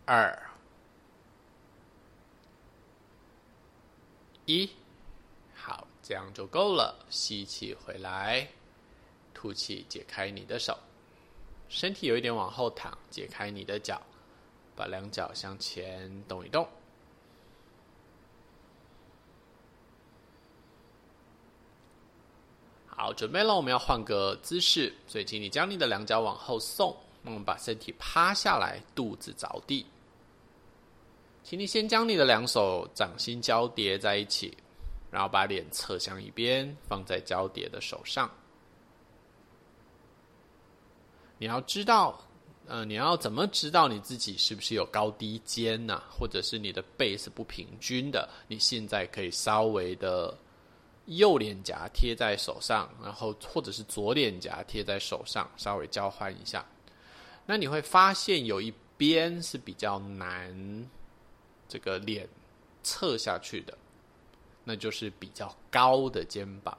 二。一，好，這樣就夠了。吸氣回來，吐氣，解開你的手，身體有一點往後躺，解開你的腳，把兩腳向前動一動。好，準備了，我們要換個姿勢，所以請你將你的兩腳往後送，那我們把身體趴下來，肚子着地。請你先將你的兩手掌心交疊在一起，然後把臉側向一邊，放在交疊的手上。你要知道，呃，你要怎麼知道你自己是不是有高低肩呢、啊？或者是你的背是不平均的？你現在可以稍微的右臉頰貼在手上，然後或者是左臉頰貼在手上，稍微交換一下。那你會發現有一邊是比較難。這個臉側下去的，那就是比較高的肩膀。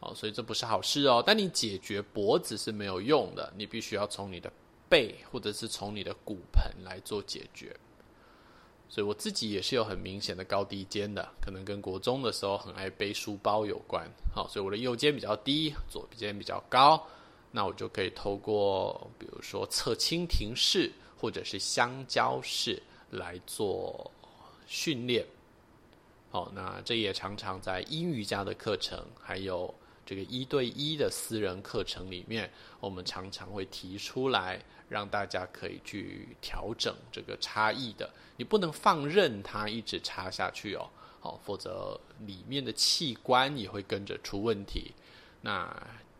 好，所以這不是好事哦。但你解決脖子是沒有用的，你必須要從你的背，或者是從你的骨盆來做解決。所以我自己也是有很明顯的高低肩的，可能跟國中的時候很愛背書包有關。好，所以我的右肩比較低，左肩比較高。那我就可以透過，比如說側蜻蜓式或者是香蕉式來做訓練。好，那這也常常在陰瑜伽的課程，還有這個一對一的私人課程裡面，我們常常會提出來，讓大家可以去調整這個差異的。你不能放任它一直差下去哦，好，否則裡面的器官也會跟着出問題。那。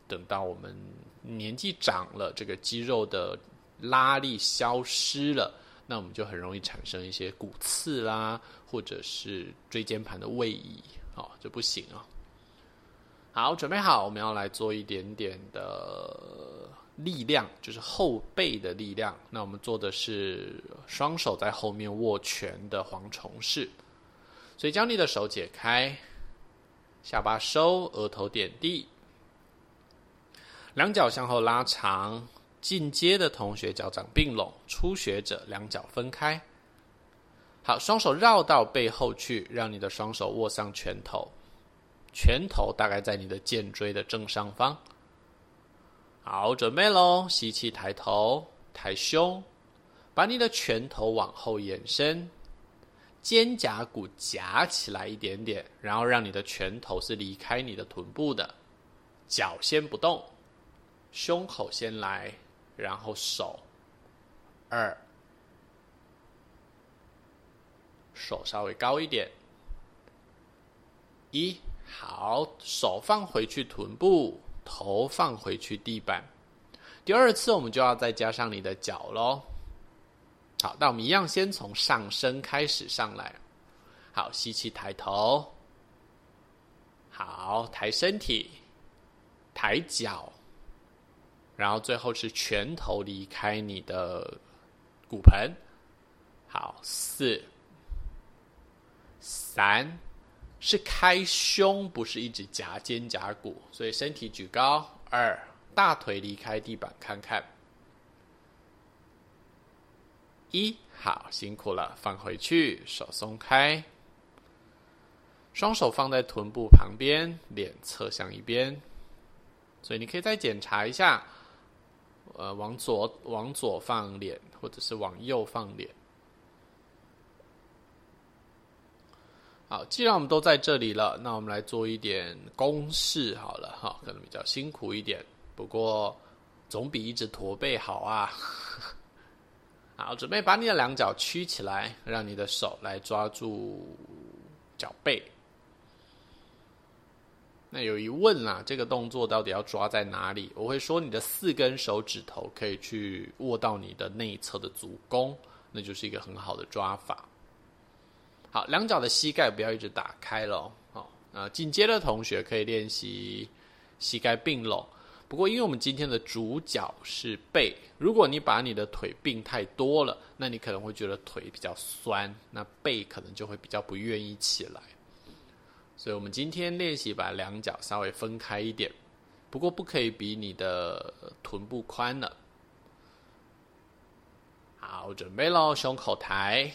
等到我們年紀長了，這個肌肉的拉力消失了，那我們就很容易產生一些骨刺啦，或者是椎間盤的位移，哦，就不行了。好，準備好，我們要來做一點點的力量，就是後背的力量。那我們做的是雙手在後面握拳的蝗蟲式，所以將你的手解開，下巴收，額頭點地。兩腳向後拉長，進階的同學腳掌併攏，初學者兩腳分開。好，雙手繞到背後去，讓你的雙手握上拳頭，拳頭大概在你的薦椎的正上方。好，準備嘍！吸氣，抬頭，抬胸，把你的拳頭往後延伸，肩胛骨夾起來一點點，然後讓你的拳頭是離開你的臀部的，腳先不動。胸口先來，然後手，二，手稍微高一點，一，好，手放回去，臀部，頭放回去，地板。第二次我們就要再加上你的腳嘍。好，那我們一樣先從上身開始上來，好，吸氣抬頭，好，抬身體，抬腳。然後最後是拳頭離開你的骨盆好，好四三，是開胸，不是一直夾肩胛骨，所以身體舉高二，2、大腿離開地板，看看一，1。好辛苦了，放回去，手鬆開，雙手放在臀部旁邊，臉側向一邊，所以你可以再檢查一下。呃，往左，往左放臉，或者是往右放臉。好，既然我們都在這裡了，那我們來做一點攻勢好了哈，可能比較辛苦一點，不過總比一直駝背好啊。 好，準備把你的兩腳屈起來，讓你的手來抓住腳背。那有疑問啦、啊，這個動作到底要抓在哪裡？我會說，你的四根手指頭可以去握到你的內側的足弓，那就是一個很好的抓法。好，兩腳的膝蓋不要一直打開嘍。好，那進階的同學可以練習膝蓋併攏。不過，因為我們今天的主角是背，如果你把你的腿併太多了，那你可能會覺得腿比較痠，那背可能就會比較不願意起來。所以我們今天練習，把兩腳稍微分開一點，不過不可以比你的臀部寬了。好，準備咯，胸口抬，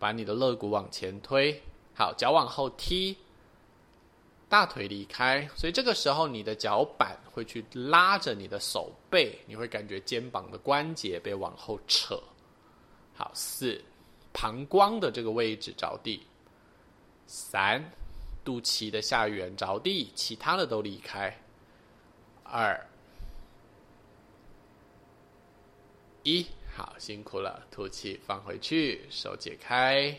把你的肋骨往前推，好，腳往後踢，大腿離開。所以這個時候，你的腳板會去拉着你的手背，你會感覺肩膀的關節被往後扯。好，四，膀胱的這個位置着地，三。肚臍的下緣着地，其他的都離開。二一，好，辛苦了，吐氣放回去，手解開，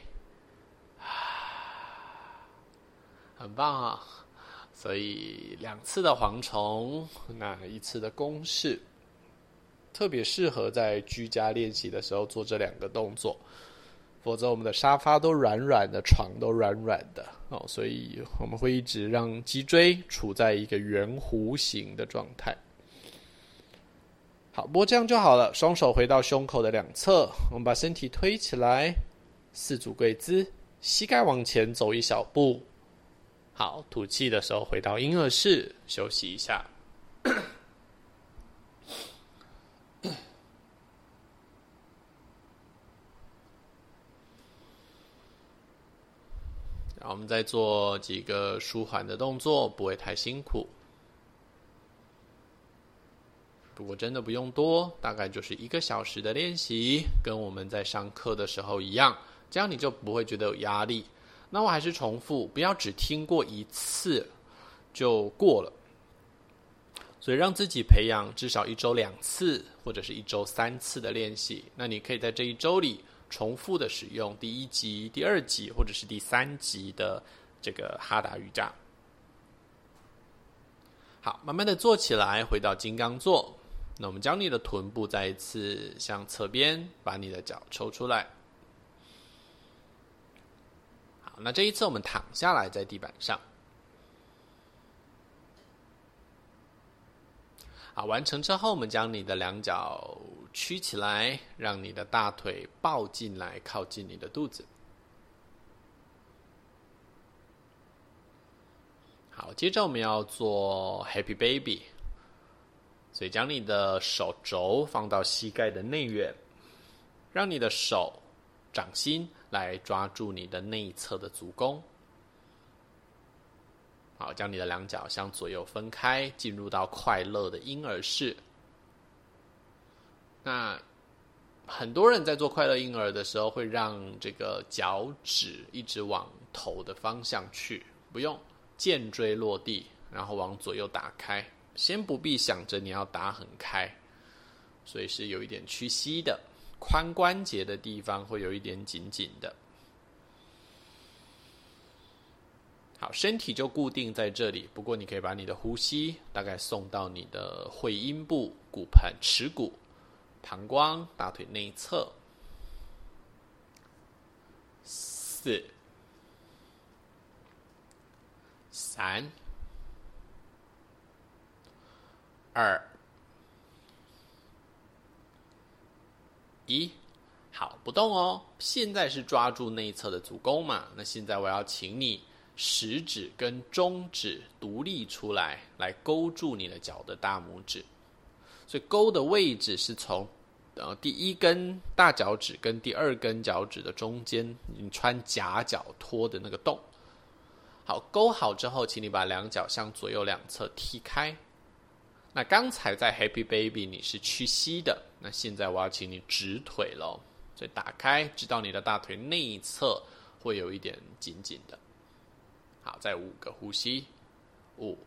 啊，很棒啊、哦！所以兩次的蝗蟲，那一次的弓式，特別適合在居家練習的時候做這兩個動作，否則我們的沙發都軟軟的，床都軟軟的。好、哦，所以我們會一直讓脊椎處在一個圓弧形的狀態。好，不過這樣就好了。雙手回到胸口的兩側，我們把身體推起來，四足跪姿，膝蓋往前走一小步。好，吐氣的時候回到嬰兒式，休息一下。 我們再做幾個舒緩的動作，不會太辛苦。不過真的不用多，大概就是一個小時的練習，跟我們在上課的時候一樣，這樣你就不會覺得有壓力。那我還是重複，不要只聽過一次就過了。所以讓自己培養至少一周兩次，或者是一周三次的練習。那你可以在這一周裡。重複的使用第一集、第二集或者是第三集的這個哈達瑜伽。好，慢慢的坐起來，回到金剛坐。那我們將你的臀部再一次向側邊，把你的腳抽出來。好，那這一次我們躺下來在地板上。啊，完成之後，我們將你的兩腳。屈起來，讓你的大腿抱進來，靠近你的肚子。好，接着我們要做 Happy Baby，所以將你的手肘放到膝蓋的內緣，讓你的手掌心來抓住你的內側的足弓。好，將你的兩腳向左右分開，進入到快樂的嬰兒式。那很多人在做快樂嬰兒的時候，會讓這個腳趾一直往頭的方向去，不用薦椎落地，然後往左右打開。先不必想着你要打很開，所以是有一點屈膝的，髖關節的地方會有一點緊緊的。好，身體就固定在這裡。不過你可以把你的呼吸大概送到你的會陰部、骨盆、恥骨。膀胱、大腿內側，四、三、二、一，好，不動哦。現在是抓住內側的足弓嘛？那現在我要請你食指跟中指獨立出來，來勾住你的腳的大拇指，所以勾的位置是從。呃，然後第一根大腳趾跟第二根腳趾的中間，你穿夾腳拖的那個洞。好，勾好之後，請你把兩腳向左右兩側踢開。那剛才在 Happy Baby 你是屈膝的，那現在我要請你直腿咯，所以打開，直到你的大腿內側會有一點緊緊的。好，再五個呼吸。五、哦，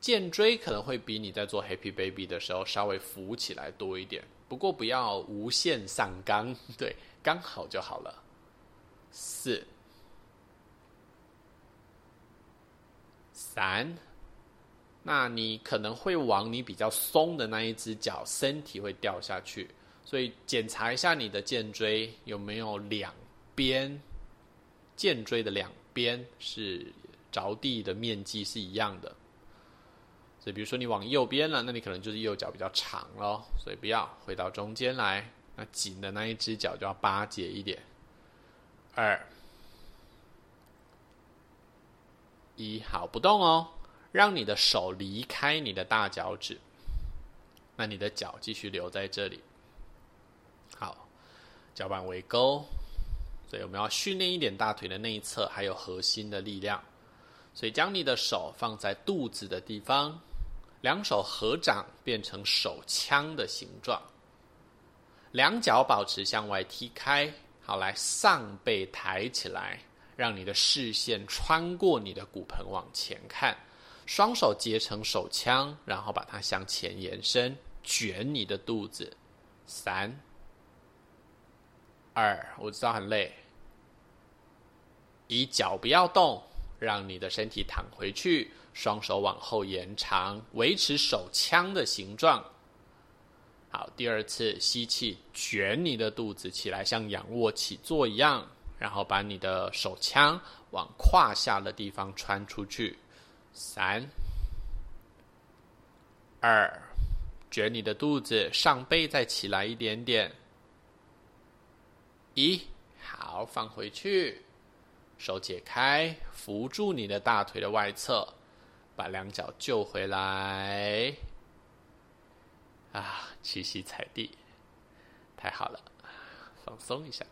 肩椎可能會比你在做 Happy Baby 的時候稍微浮起來多一點。不過不要無限上綱，對，剛好就好了。四、三，那你可能會往你比較鬆的那一只腳，身體會掉下去。所以檢查一下你的肩椎有沒有兩邊，肩椎的兩邊是着地的面積是一樣的。所以，比如說你往右邊了，那你可能就是右腳比較長咯，所以不要回到中間來。那緊的那一隻腳就要巴結一點。二，一，好，不動哦，讓你的手離開你的大腳趾，那你的腳繼續留在這裡。好，腳板微勾，所以我們要訓練一點大腿的內側，還有核心的力量。所以，將你的手放在肚子的地方。兩手合掌變成手槍的形狀，兩腳保持向外踢開。好來，來上背抬起來，讓你的視線穿過你的骨盆往前看。雙手結成手槍，然後把它向前延伸，捲你的肚子。三、二，我知道很累。一，腳不要動，讓你的身體躺回去。雙手往後延長，維持手槍的形狀。好，第二次吸氣，捲你的肚子起來，像仰臥起坐一樣，然後把你的手槍往胯下的地方穿出去。三、二，捲你的肚子，上背再起來一點點。一，好，放回去，手解開，扶住你的大腿的外側。把兩腳救回來，啊，屈膝踩地，太好了，放鬆一下。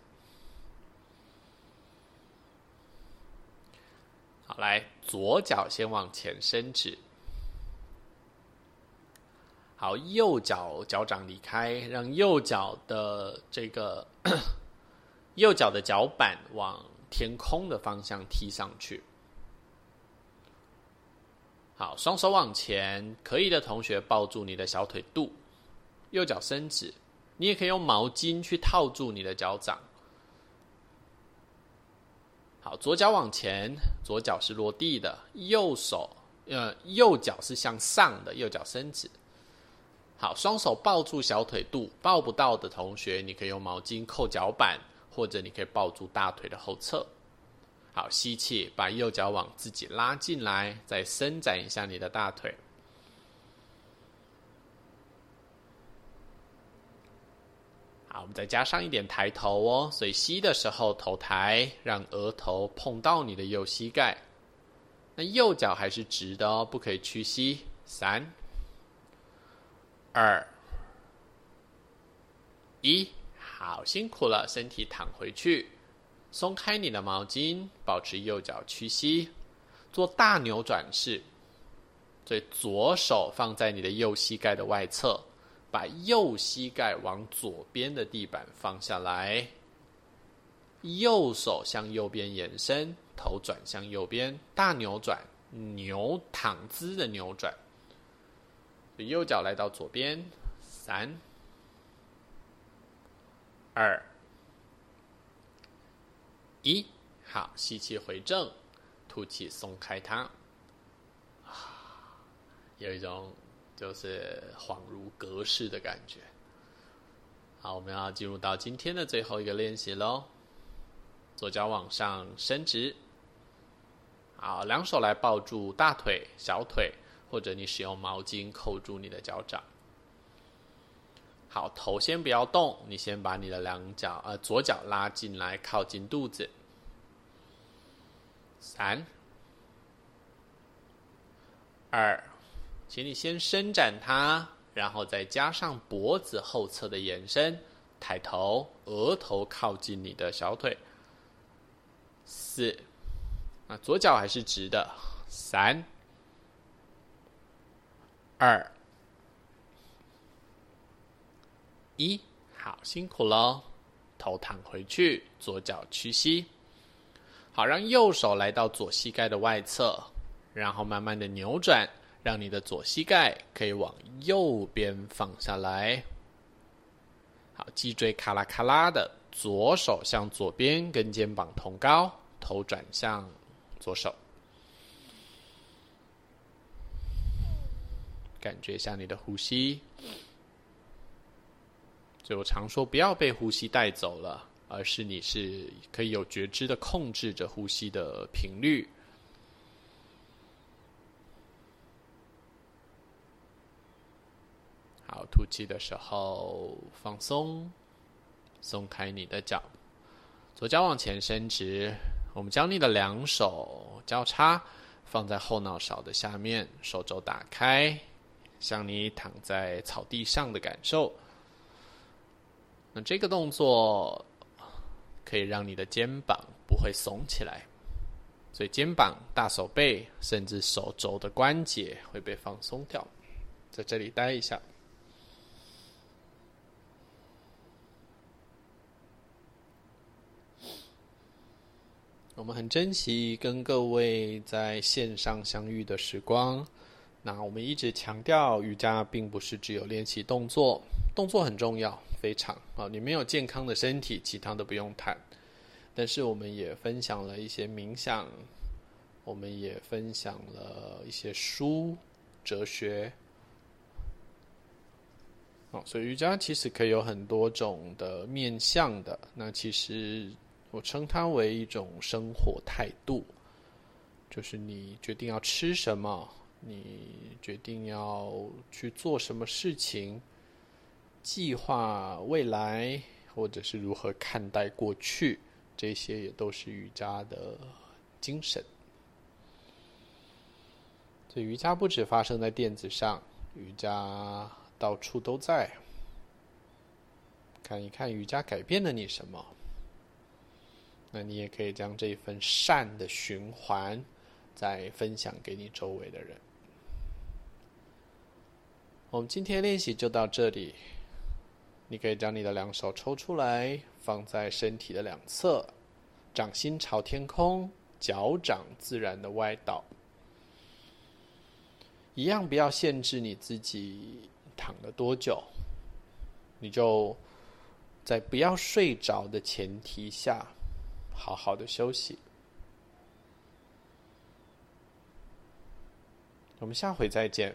好，來，左腳先往前伸直，好，右腳腳掌離開，讓右腳的這個右腳的腳板往天空的方向踢上去。好，雙手往前，可以的同學抱住你的小腿肚，右腳伸直，你也可以用毛巾去套住你的腳掌。好，左腳往前，左腳是落地的，右手，呃，右腳是向上的，右腳伸直。好，雙手抱住小腿肚，抱不到的同學，你可以用毛巾扣腳板，或者你可以抱住大腿的後側。好，吸氣，把右腳往自己拉進來，再伸展一下你的大腿。好，我們再加上一點抬頭哦，所以吸的時候頭抬，讓額頭碰到你的右膝蓋。那右腳還是直的哦，不可以屈膝。三、二、一，好，辛苦了，身體躺回去。鬆開你的毛巾，保持右腳屈膝，做大扭轉式。所以左手放在你的右膝蓋的外側，把右膝蓋往左邊的地板放下來，右手向右邊延伸，頭轉向右邊，大扭轉，牛躺姿的扭轉。右腳來到左邊，三、二。一，好，吸氣回正，吐氣鬆開它。啊，有一種就是恍如隔世的感覺。好，我們要進入到今天的最後一個練習嘍。左腳往上伸直，好，兩手來抱住大腿、小腿，或者你使用毛巾扣住你的腳掌。好，頭先不要動，你先把你的兩腳，呃，左腳拉進來，靠近肚子。三、二，請你先伸展它，然後再加上脖子後側的延伸，抬頭，額頭靠近你的小腿。四，那左腳還是直的。三、二。一好，辛苦了。頭躺回去，左腳屈膝，好，讓右手來到左膝蓋的外側，然後慢慢的扭轉，讓你的左膝蓋可以往右邊放下來。好，脊椎咔啦咔啦的，左手向左邊跟肩膀同高，頭轉向左手，感覺一下你的呼吸。就我常說，不要被呼吸帶走了，而是你是可以有覺知的控制着呼吸的頻率。好，吐氣的時候放鬆，鬆開你的腳，左腳往前伸直。我們將你的兩手交叉放在後腦勺的下面，手肘打開，像你躺在草地上的感受。那這個動作可以讓你的肩膀，不會聳起來，所以肩膀、大手臂，甚至手肘的關節會被放鬆掉。在這裡待一下，我們很珍惜跟各位在線上相遇的時光。那我們一直強調，瑜伽並不是只有練習動作，動作很重要，非常啊、哦！你沒有健康的身體，其他的不用談。但是我們也分享了一些冥想，我們也分享了一些書、哲學。好、哦，所以瑜伽其實可以有很多種的面向的。那其實我稱它為一種生活態度，就是你決定要吃什麼。你決定要去做什麼事情，計劃未來，或者是如何看待過去，這些也都是瑜伽的精神。這瑜伽不只發生在墊子上，瑜伽到處都在。看一看瑜伽改變了你什麼？那你也可以將這一份善的循環再分享給你周圍的人。我們今天練習就到這裡。你可以將你的兩手抽出來，放在身體的兩側，掌心朝天空，腳掌自然的歪倒。一樣不要限制你自己躺了多久，你就在不要睡着的前提下，好好的休息。我們下回再見。